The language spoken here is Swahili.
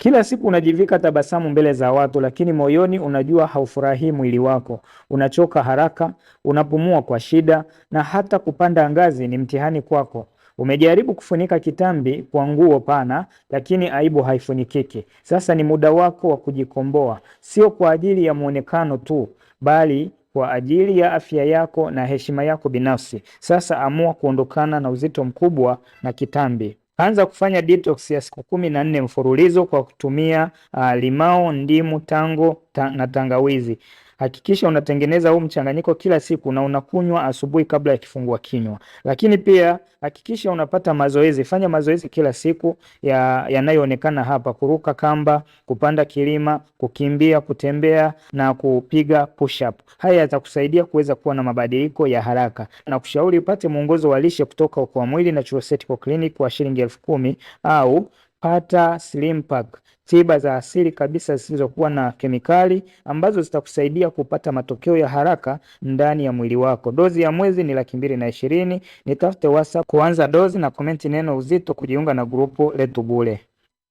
Kila siku unajivika tabasamu mbele za watu, lakini moyoni unajua haufurahii mwili wako. Unachoka haraka, unapumua kwa shida, na hata kupanda ngazi ni mtihani kwako. Umejaribu kufunika kitambi kwa nguo pana, lakini aibu haifunikiki. Sasa ni muda wako wa kujikomboa, sio kwa ajili ya muonekano tu, bali kwa ajili ya afya yako na heshima yako binafsi. Sasa amua kuondokana na uzito mkubwa na kitambi. Anza kufanya detox ya siku kumi na nne mfululizo kwa kutumia uh, limao, ndimu, tango ta na tangawizi. Hakikisha unatengeneza huu mchanganyiko kila siku na unakunywa asubuhi kabla ya kifungua kinywa. Lakini pia hakikisha unapata mazoezi, fanya mazoezi kila siku ya yanayoonekana hapa: kuruka kamba, kupanda kilima, kukimbia, kutembea na kupiga push up. Haya yatakusaidia kuweza kuwa na mabadiliko ya haraka. kushauri upate mwongozo wa lishe kutoka kwa Mwili Natural Clinic kwa shilingi elfu kumi au Pata Slim Pack, tiba za asili kabisa zisizokuwa na kemikali ambazo zitakusaidia kupata matokeo ya haraka ndani ya mwili wako. Dozi ya mwezi ni laki mbili na ishirini. Nitafute WhatsApp kuanza dozi na komenti neno uzito kujiunga na grupu letu bure.